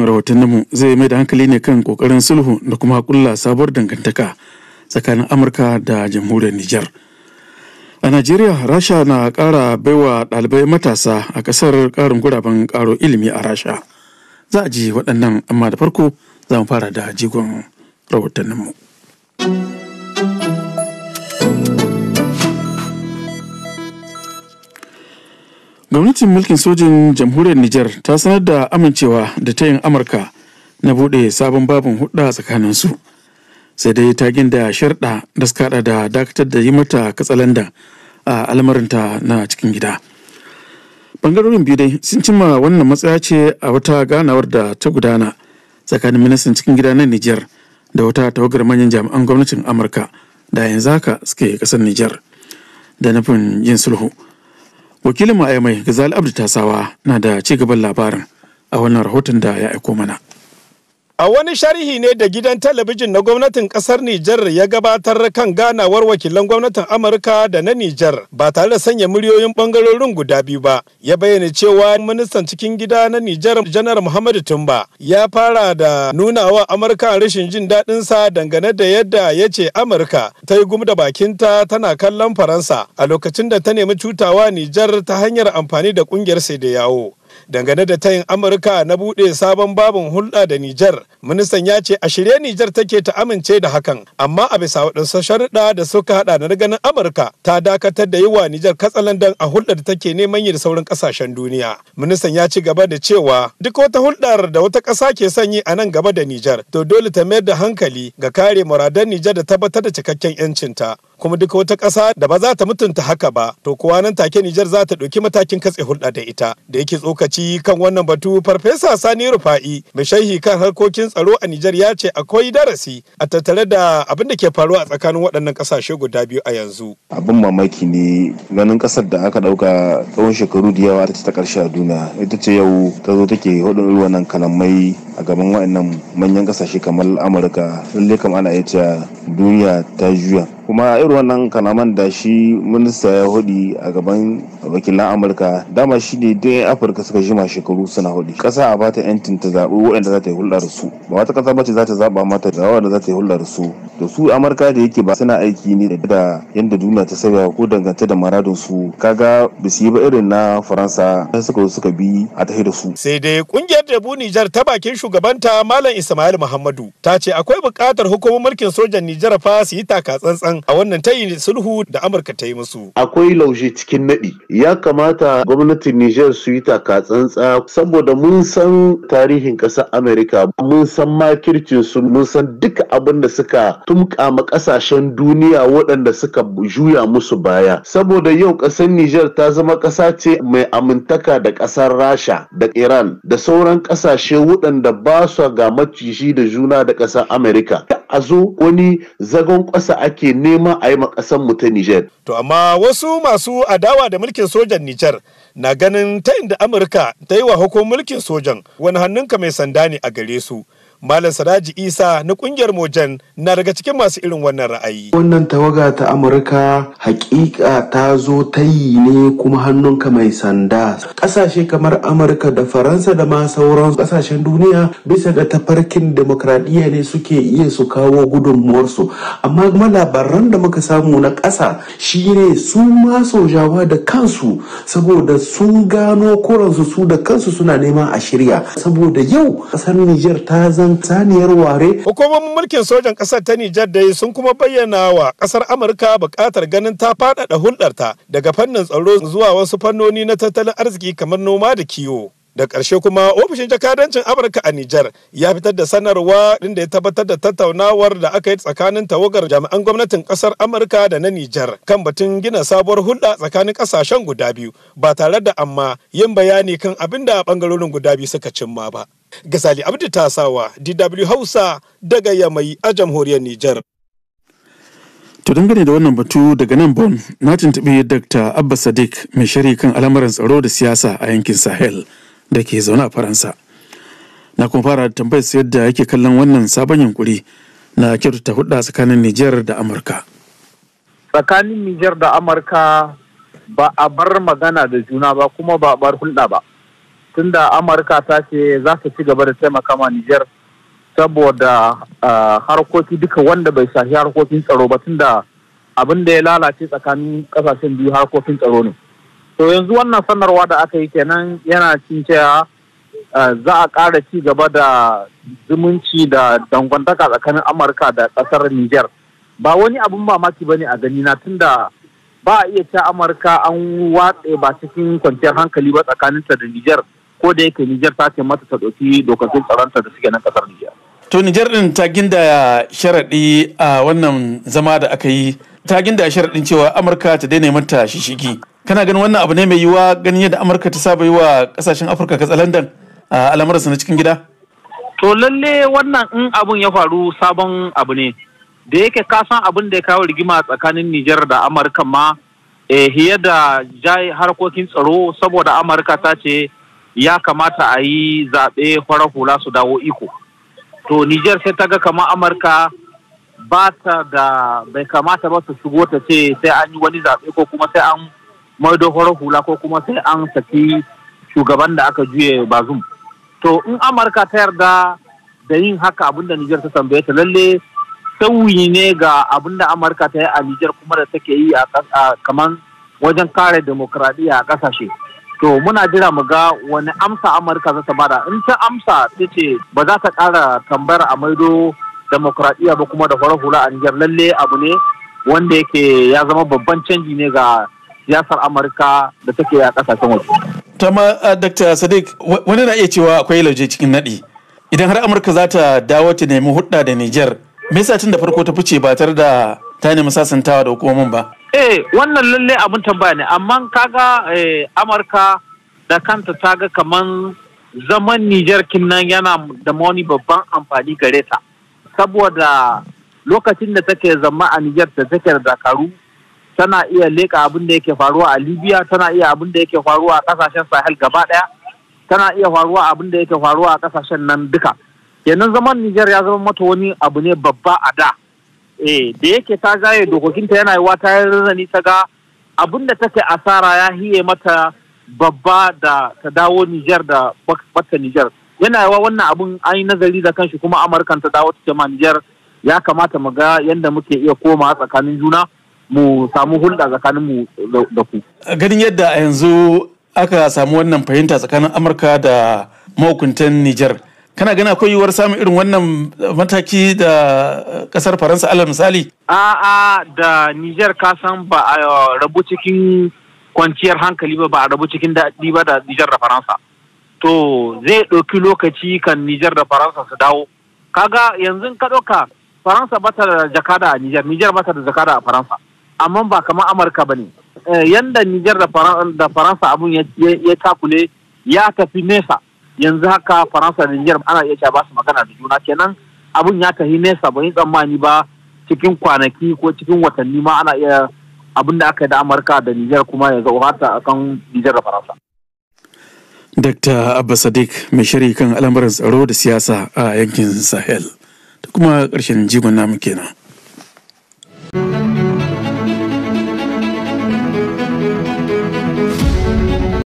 Sashen rahotanninmu zai mai da hankali ne kan kokarin sulhu da kuma kulla sabuwar dangantaka tsakanin Amurka da jamhuriyar Nijar. A Najeriya, Rasha na kara baiwa ɗalibai matasa a ƙasar ƙarin guraben ƙaro ilimi a Rasha. Za a ji waɗannan amma da farko za mu fara da jigon rahotanninmu. mu. gwamnatin mulkin sojin jamhuriyar niger ta sanar da amincewa da ta yin amurka na bude sabon babin hudda tsakaninsu sai dai ta ginda sharɗa da suka da dakatar da yi mata katsalandan a almarinta na cikin gida bangarorin biyu dai sun cimma wannan matsaya ce a wata ganawar da ta gudana tsakanin ministan cikin gida na niger da wata tawagar manyan jami'an gwamnatin amurka da yanzu haka suke kasar niger da nufin yin sulhu wakilin ma'aimai gazali abdu tasawa na da ci gaban labarin a wannan rahoton da ya aiko mana A wani sharhi ne da gidan talabijin na gwamnatin kasar Nijar ya gabatar kan ganawar wakilan gwamnatin Amurka da na Nijar ba tare da sanya muryoyin bangarorin guda biyu ba. Ya bayyana cewa ministan cikin gida na Nijar Janar Muhammadu Tumba ya fara da nuna wa Amurka rashin jin daɗinsa dangane da yadda ya ce Amurka ta yi gum bakinta tana kallon Faransa a lokacin da ta nemi cutawa Nijar ta hanyar amfani da kungiyar sai da yawo. dangane da tayin amurka na buɗe sabon babin hulɗa da nijar ministan ya ce a shirye nijar take ta amince da hakan amma a bisa waɗansu sharuɗa da suka haɗa na ganin amurka ta dakatar da yi wa nijar katsalandan a hulɗar da take neman yi da sauran ƙasashen duniya ministan ya ci gaba da cewa duk wata hulɗar da wata ƙasa ke sanyi a nan gaba da nijar to dole ta mayar da hankali ga kare muradan nijar da tabbatar da cikakken 'yancinta kuma duka wata ƙasa da ba za ta mutunta haka ba to kuwa nan take Nijar za ta ɗauki matakin katse hulɗa da ita da yake tsokaci kan wannan batu farfesa Sani Rufa'i mai shaihi kan harkokin tsaro a Nijar ya ce akwai darasi a tattare da abin da ke faruwa a tsakanin waɗannan ƙasashe guda biyu a yanzu. Abin mamaki ne ganin ƙasar da aka ɗauka tsawon shekaru da yawa ta ta ƙarshe a duniya ita ce yau ta zo take hudun wannan kalamai a gaban waɗannan manyan ƙasashe kamar Amurka lalle kam ana iya cewa duniya ta juya kuma irin wannan kanaman da shi minista ya hudi a gaban wakilan amurka dama shi ne duk yan afirka suka jima shekaru suna hudu kasa a bata yancin ta zaɓi waɗanda za ta yi hulɗa da su ba wata ƙasa bace za ta zaɓa mata da wanda za ta yi hulɗa da su to su amurka da yake ba suna aiki ne da yadda duniya ta sauya ko dangantar da maradin su kaga ba su yi ba irin na faransa sai suka suka bi a tahi da su sai dai kungiyar bu nijar ta bakin shugabanta malam ismail muhammadu ta ce akwai buƙatar hukumar mulkin sojan nijar fa su yi taka tsantsan a wannan tayi sulhu da amurka ta yi musu akwai laushe cikin naɗi ya kamata gwamnatin Nijar su yi taka tsantsa saboda mun san tarihin ƙasar Amerika mun san makircin su mun san duk abin da suka ma ƙasashen duniya waɗanda suka juya musu baya saboda yau ƙasar Nijar ta zama ƙasa ce mai amintaka da ƙasar Rasha da Iran da sauran ƙasashe waɗanda ba su ga maciji da juna da ƙasar Amerika a zo wani zagon ƙasa ake nema a yi ƙasar mu ta Nijar. To amma wasu masu adawa da mulkin sojan Nijar na ganin ta inda Amurka ta yi wa hukumar mulkin sojan wani hannunka mai sanda ne a gare su. Malam Sadaji Isa na kungiyar Mojan na daga cikin masu irin wannan ra'ayi. Wannan tawaga ta Amurka hakika ta zo ta yi ne kuma hannunka mai sanda. Ƙasashe kamar Amurka da Faransa da ma sauran ƙasashen duniya bisa ga tafarkin demokradiyya ne suke iya su kawo gudunmuwarsu. Amma kuma labaran da muka samu na ƙasa shi ne su ma sojawa da kansu saboda sun gano kuransu su da kansu suna neman a shirya. Saboda yau ƙasar Nijar ta zan sunan ware. Hukumomin mulkin sojan ƙasar ta Nijar dai sun kuma bayyana wa ƙasar Amurka bukatar ganin ta faɗaɗa hulɗarta daga fannin tsaro zuwa wasu fannoni na tattalin arziki kamar noma da kiwo. da ƙarshe kuma ofishin jakadancin amurka a nijar ya fitar da sanarwa inda ya tabbatar da tattaunawar da aka yi tsakanin tawagar jami'an gwamnatin ƙasar amurka da na nijar kan batun gina sabuwar hulɗa tsakanin ƙasashen guda biyu ba tare da amma yin bayani kan abin da ɓangarorin guda biyu suka cimma ba Gazali Abdu Tasawa, DW Hausa daga Yamai a jamhuriyar Nijar. To dangane da wannan batu daga nan Bon na tuntuɓi Dr. Abba Sadiq mai shari kan al'amuran tsaro da siyasa a yankin Sahel da ke zaune a Faransa. Na kuma fara da tambayar su yadda yake kallon wannan sabon yunkuri na kyautata hudda tsakanin Nijar da Amurka. Tsakanin Nijar da Amurka ba a bar magana da juna ba kuma ba a bar hulɗa ba. tunda amurka ta ce za ta ci gaba da taimaka ma niger saboda ah, harkoki duka wanda bai shafi harkokin tsaro ba tunda abin da ya lalace tsakanin kasashen biyu harkokin tsaro ne to yanzu wannan sanarwa da aka yi kenan yana cin cewa ah, za a ƙara ci gaba da zumunci da dangantaka tsakanin amurka da ƙasar niger ba wani abin mamaki ba ne a gani na tunda ba a iya ta amurka an watse ba cikin kwanciyar hankali ba tsakaninta da niger ko da yake Nijar ta ce mata ta ɗauki dokokin tsaronta da suke nan ƙasar Nijar. To Nijar ɗin ta ginda sharaɗi a wannan zama da aka yi ta ginda sharaɗin cewa Amurka ta daina mata shishigi. Kana ganin wannan abu ne mai yiwuwa ganin yadda Amurka ta saba yi wa ƙasashen Afirka katsalandan a al'amuransu na cikin gida? To lalle wannan in abun ya faru sabon abu ne. Da yake ka san abin da ya kawo rigima tsakanin Nijar da Amurka ma eh, da jai harkokin tsaro saboda Amurka ta ce ya kamata a yi zaɓe farar hula su dawo iko to Nijar sai ta ga kamar amurka ba ta da bai kamata ba su shigo ta ce sai an yi wani zaɓe ko kuma sai an maido farar hula ko kuma sai an saki shugaban da aka juye bazum to in amurka ta yarda da yin haka abinda Nijar ta tambaye ta lalle sauyi ne ga abinda amurka ta yi a Nijar kuma da take yi a kamar wajen kare demokradiyya a ƙasashe. to muna jira mu ga wani amsa amurka za ta bada in ta amsa ta ce ba za ta kara tambayar a maido demokuraɗiyya ba kuma da farar hula a nijar lalle abu ne wanda yake ya zama babban canji ne ga siyasar amurka da take a kasashen waje tama uh, dr sadiq wani na iya cewa akwai lauje cikin naɗi idan har amurka za ta dawo ta nemi hudda da nijar me yasa tun da farko ta fice ba tare da ta nemi sasantawa da hukumomin ba eh wannan lalle abin tambaya ne amma kaga eh, amurka da kanta ta ga kaman zaman nijar kinnan yana da wani babban amfani gare ta saboda lokacin da take zama a nijar da take da dakaru tana iya leka abin da yake faruwa a libya tana iya abin da yake faruwa a kasashen sahel gaba daya tana iya faruwa abin da yake faruwa a kasashen nan duka kenan zaman nijar ya zama mata wani abu ne babba a da eh da yake ta dokokin dokokinta yana yiwa ta rarrani ta ga abin da take asara ya hiye mata babba da ta dawo Nijar da bata Nijar yana yiwa wannan abun an yi nazari da kanshi kuma Amurkan ta dawo ta ma Nijar ya kamata mu ga yadda muke iya koma tsakanin juna mu samu hulɗa tsakanin mu da ku. Ganin yadda a yanzu aka samu wannan fahimta tsakanin Amurka da mahukuntan Nijar. kana gana akwai yiwuwar samun irin wannan mataki da eh, kasar faransa alal misali a'a da niger ka san ba a eh, rabu cikin kwanciyar hankali ba ba a rabu cikin daɗi ba da niger da faransa to zai ɗauki lokaci kan niger da faransa su dawo kaga yanzu ka ɗauka faransa bata da jakada a niger niger bata da jakada a faransa amma ba kamar amurka ba ne eh, yanda niger da faransa abun ya takule ya tafi nesa yanzu haka faransa da niger ana iya cewa ba su magana da juna kenan abun ya tahi nesa ba yi tsammani ba cikin kwanaki ko cikin watanni ma ana iya abin da aka yi da amurka da niger kuma ya a kan nijar da faransa dokta Abba Sadiq mai shiri kan al'amuran tsaro da siyasa a yankin Sahel. Da kuma ƙarshen jigon namu kenan.